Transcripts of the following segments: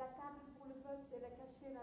la table pour le peuple et la cacher là.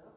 heure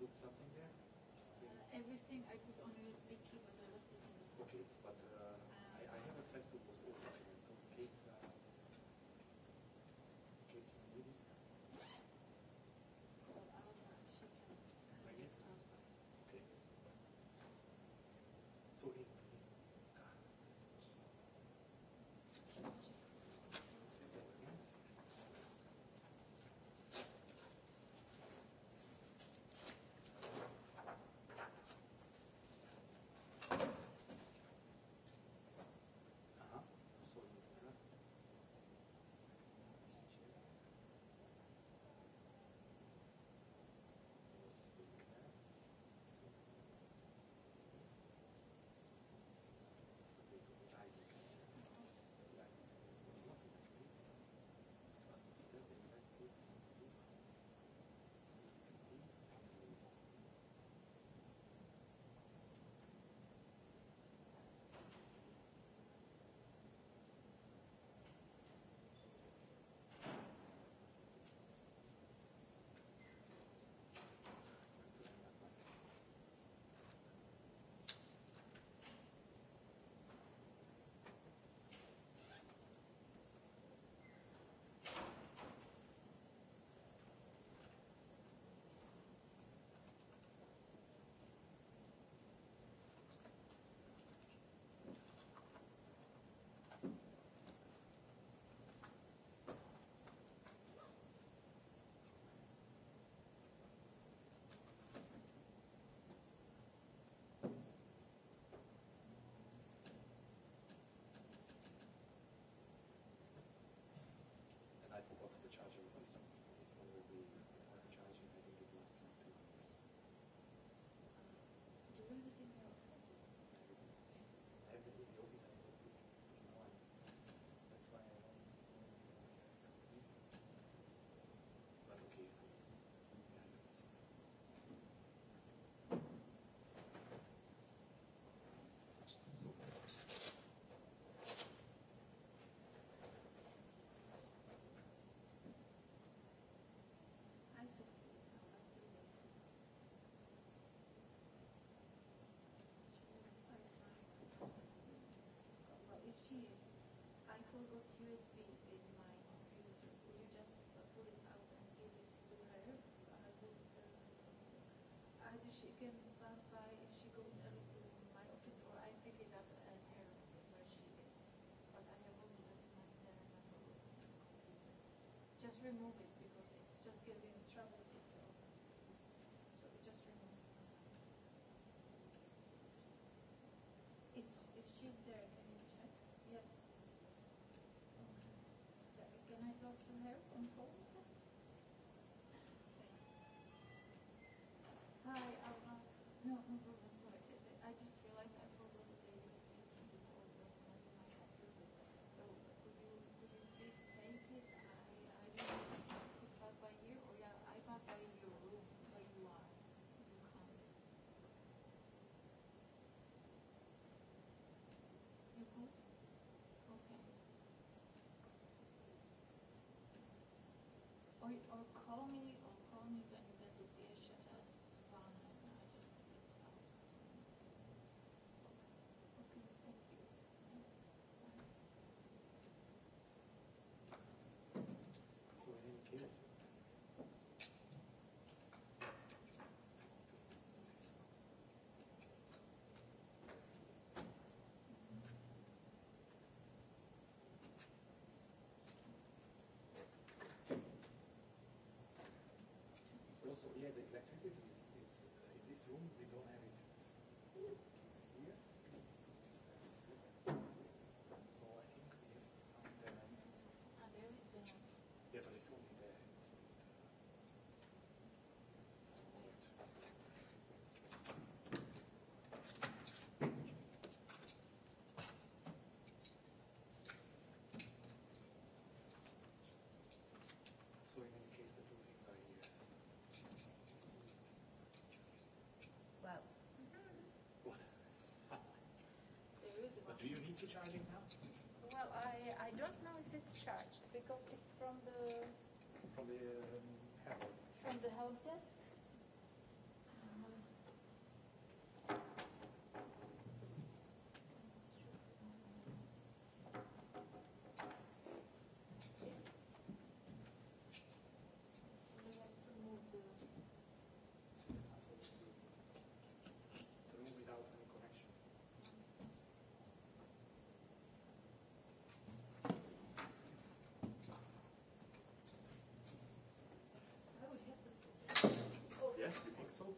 put something there? Uh, everything I put on USB key, but I left it Okay, but uh, uh, I, I have access to postpone documents, so in case... Uh, remove it because it's just giving trouble to the office. So we just remove it. Is, if she's there, can you check? Yes. Okay. Can I talk to her on phone? call me. electricity is, is in this room, we don't have Do you need to charge it now? Well, I, I don't know if it's charged because it's from the... From the um, help desk. From the help desk? času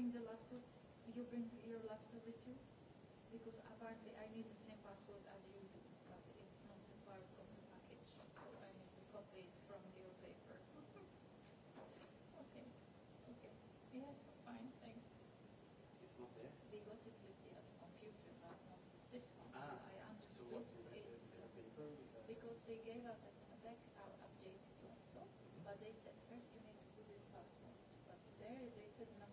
bring the laptop? You bring your laptop with you? Because apparently I need the same password as you do, but it's not a part of the package, so I need to copy it from your paper. okay, okay. Yes, fine, thanks. It's not there? We got it with the other computer, but not with this one, ah, so I understood so what, it's... Uh, paper because they gave us a, back our updated laptop, mm -hmm. but they said first you need to put this password. But there they said no,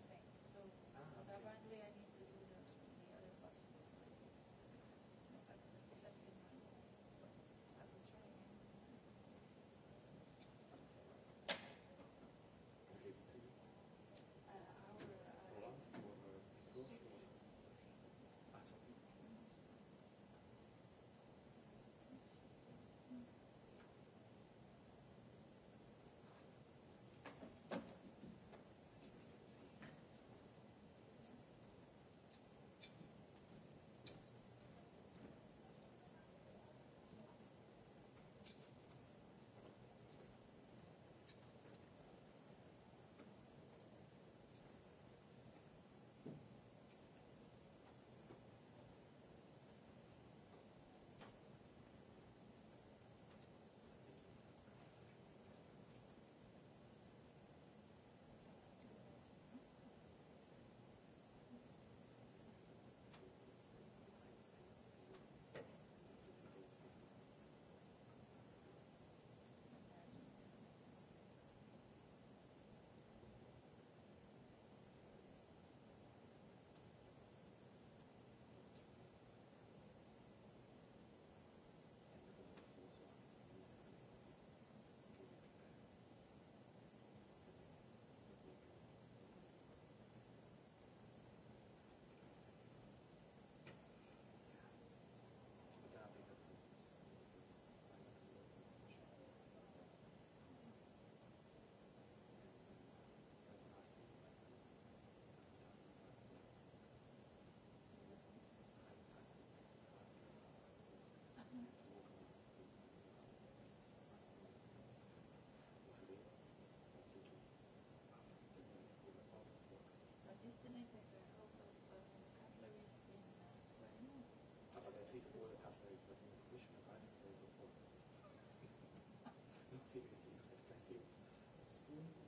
seriously in perspective you do it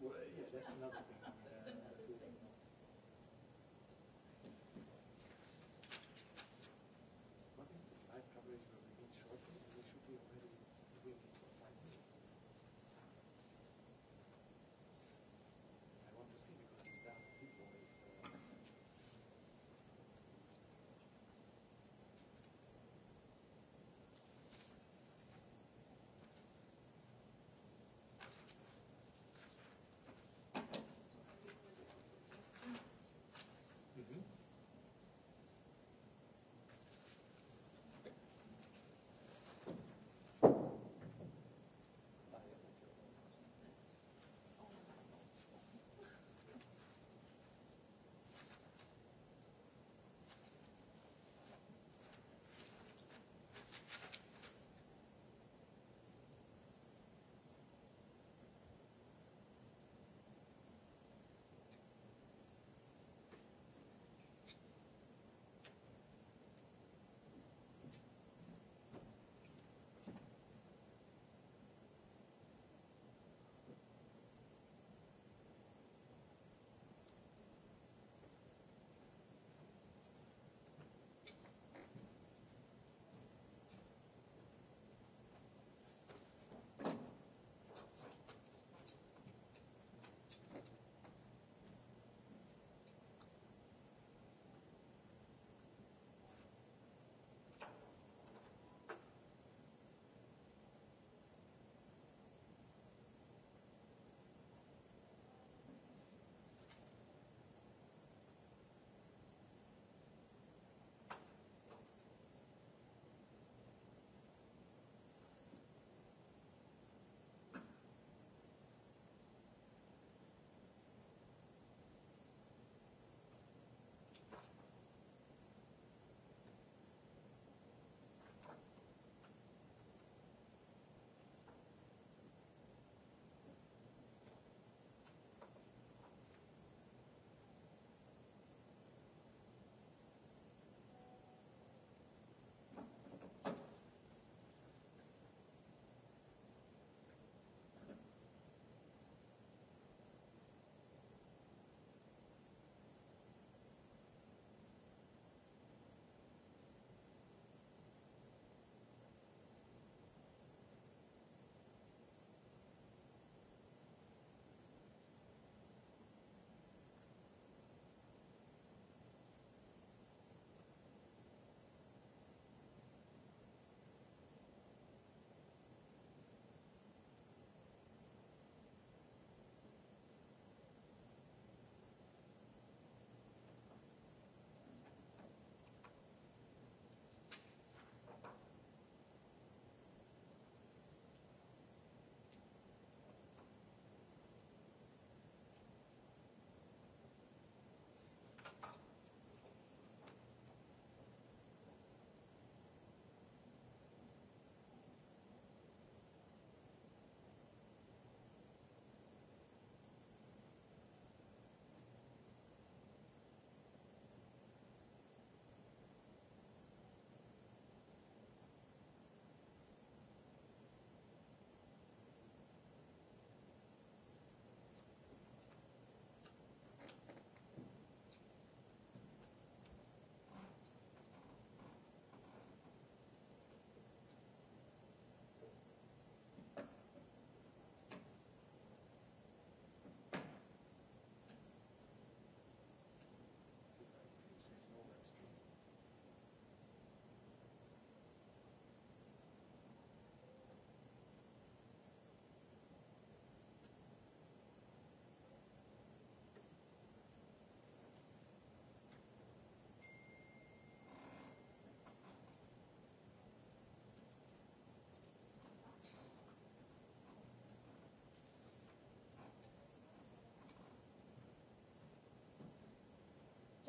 Well, yeah, that's another thing.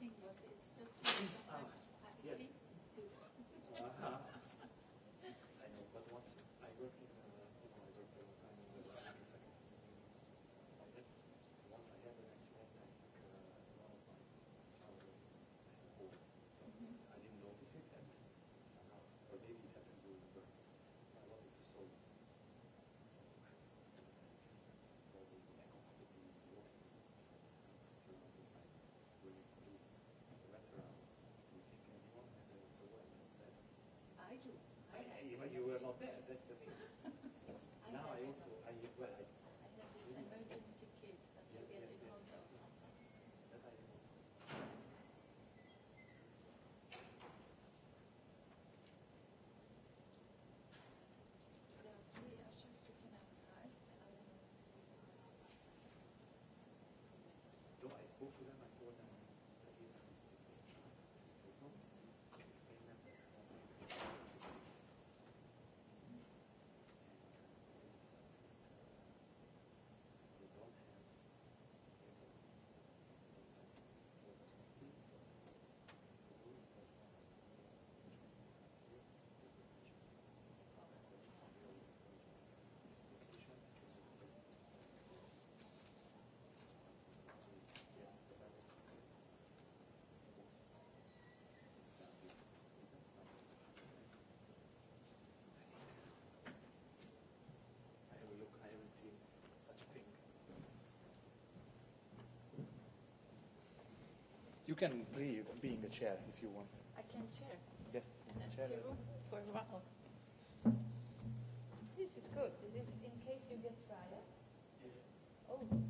think what is Ďakujem. You can leave being a chair if you want. I can chair. Yes. chair. for a while. This is good. This is in case you get riots. Yes. Oh.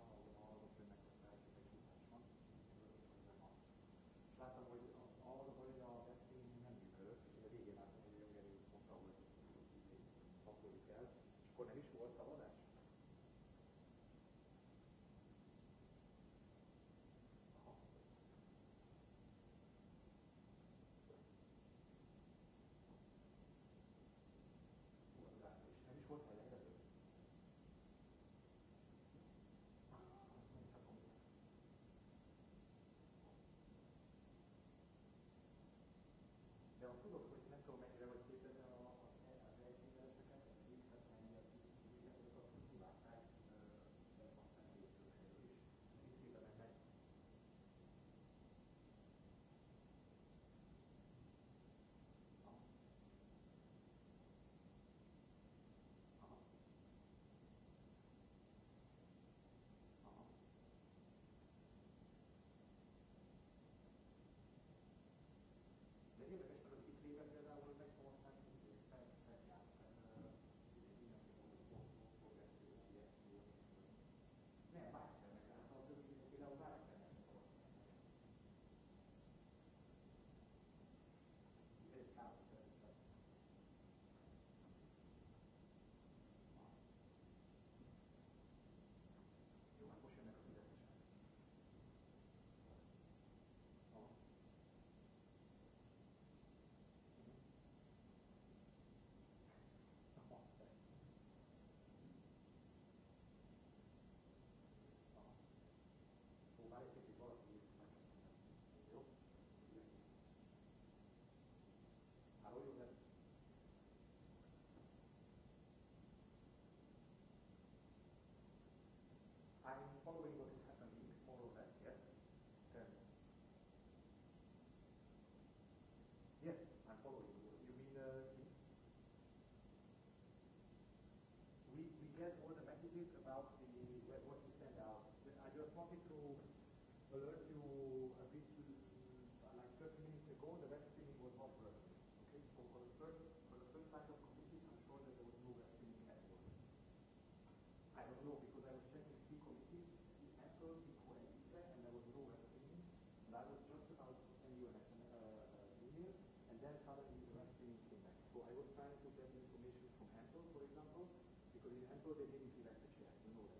they didn't that you know that.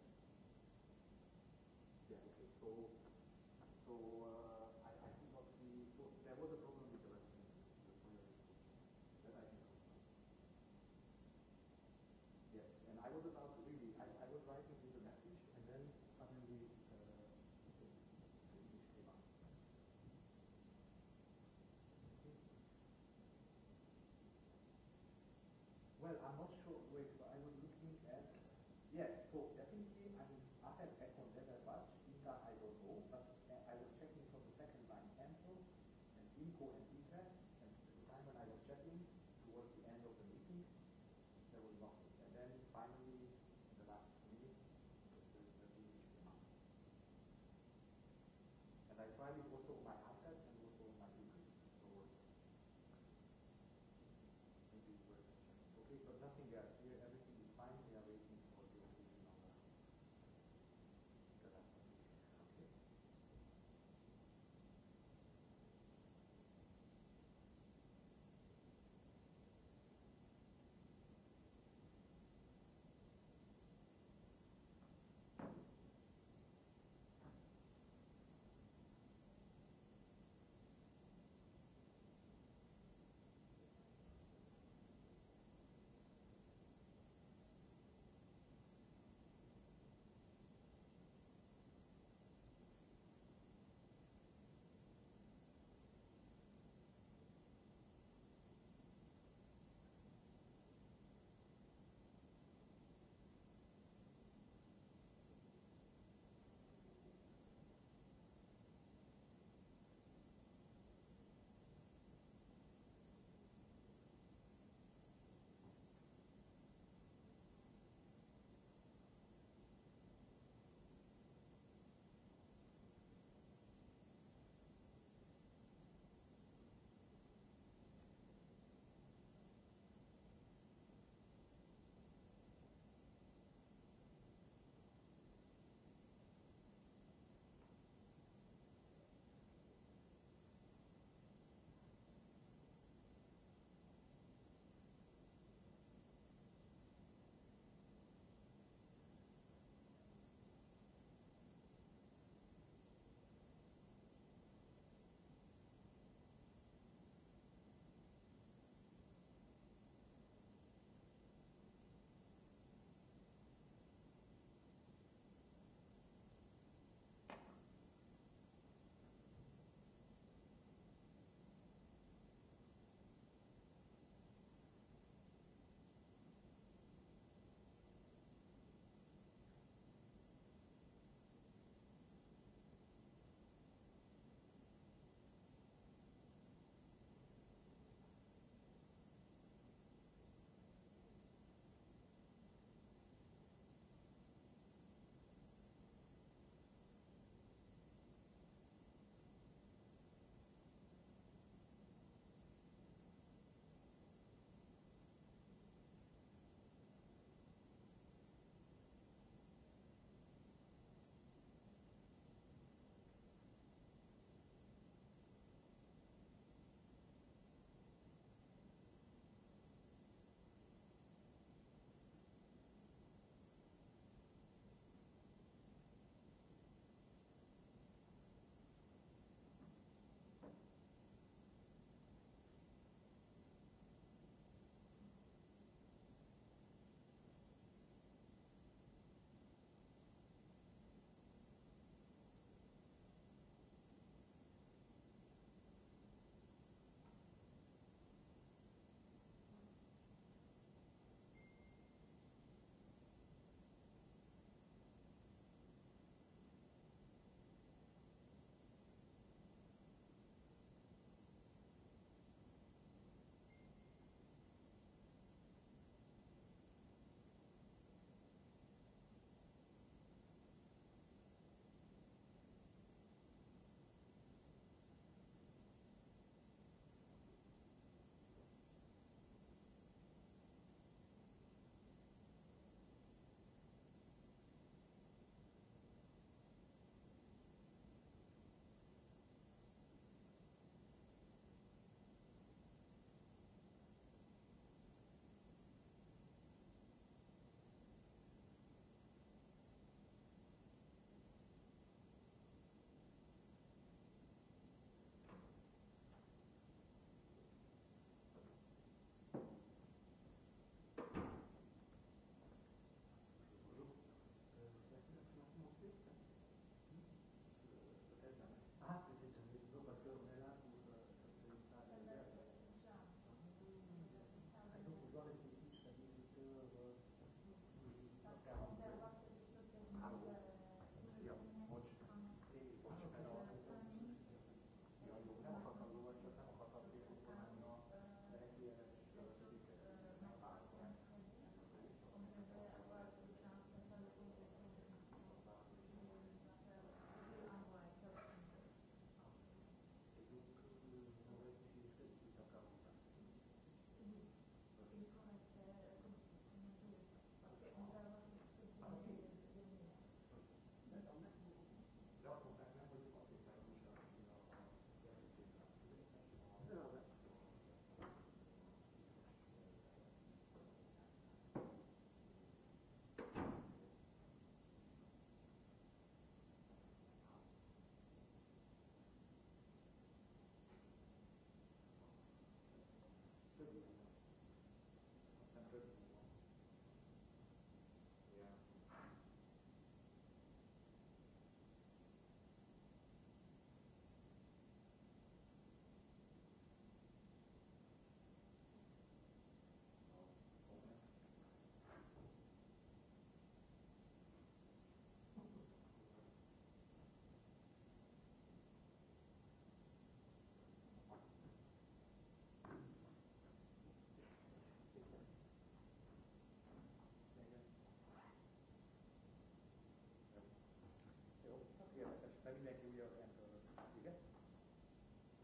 Yeah, okay, so, so uh, I, I think what there was a problem with the rest that I think. and I was about to really, I, I was writing with the message, and then suddenly uh, Well, I'm not sure. Wait, try before so much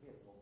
tillgång.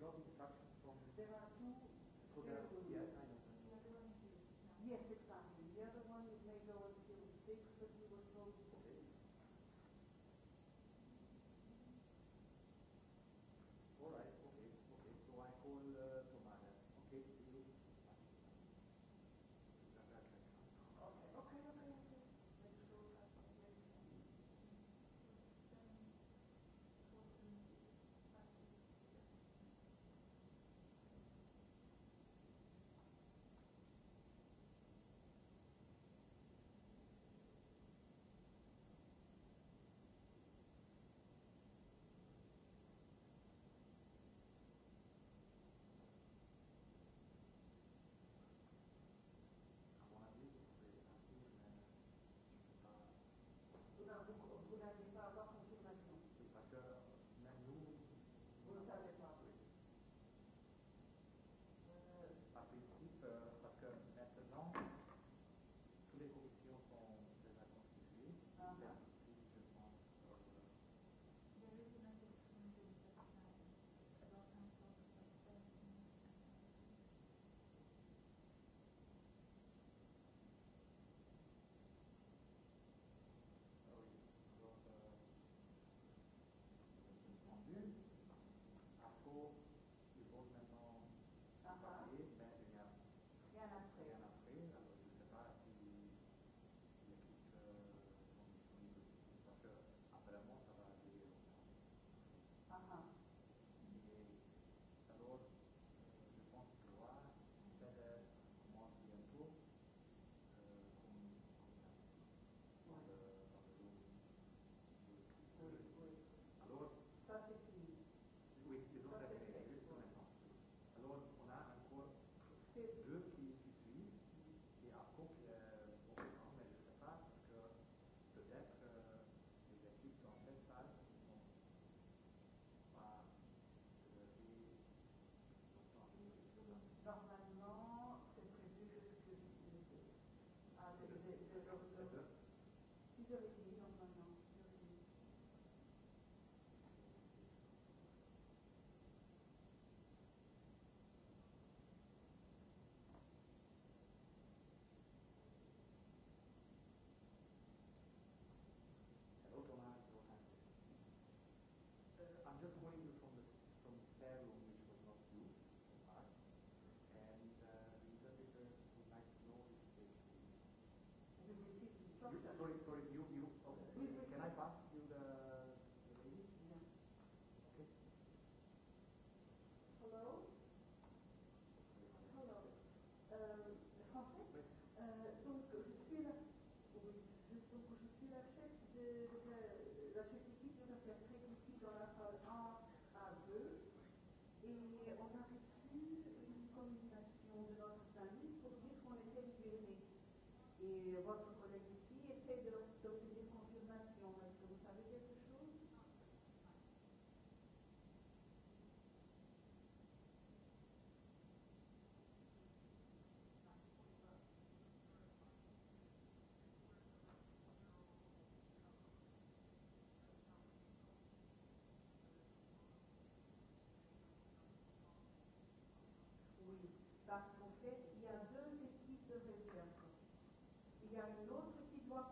Lobby Cup Bohu na ktorý il y a une autre qui doit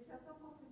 déjà pas compris.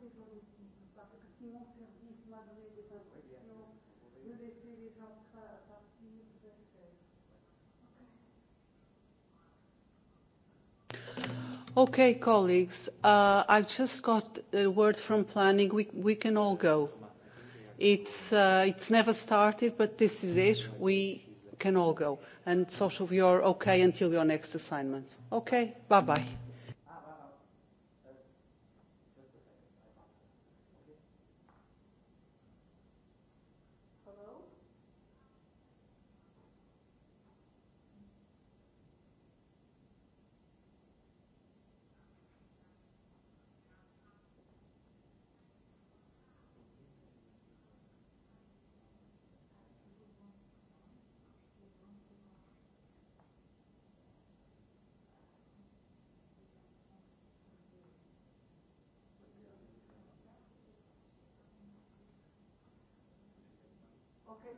sur parce que donné des impressions, de laisser les gens partir, vous Okay, colleagues, uh, I've just got a word from planning. We, we can all go. It's, uh, it's never started, but this is it. We can all go. And social, you're okay until your next assignment. Okay, bye-bye.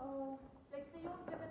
Uh, tak si ju, keby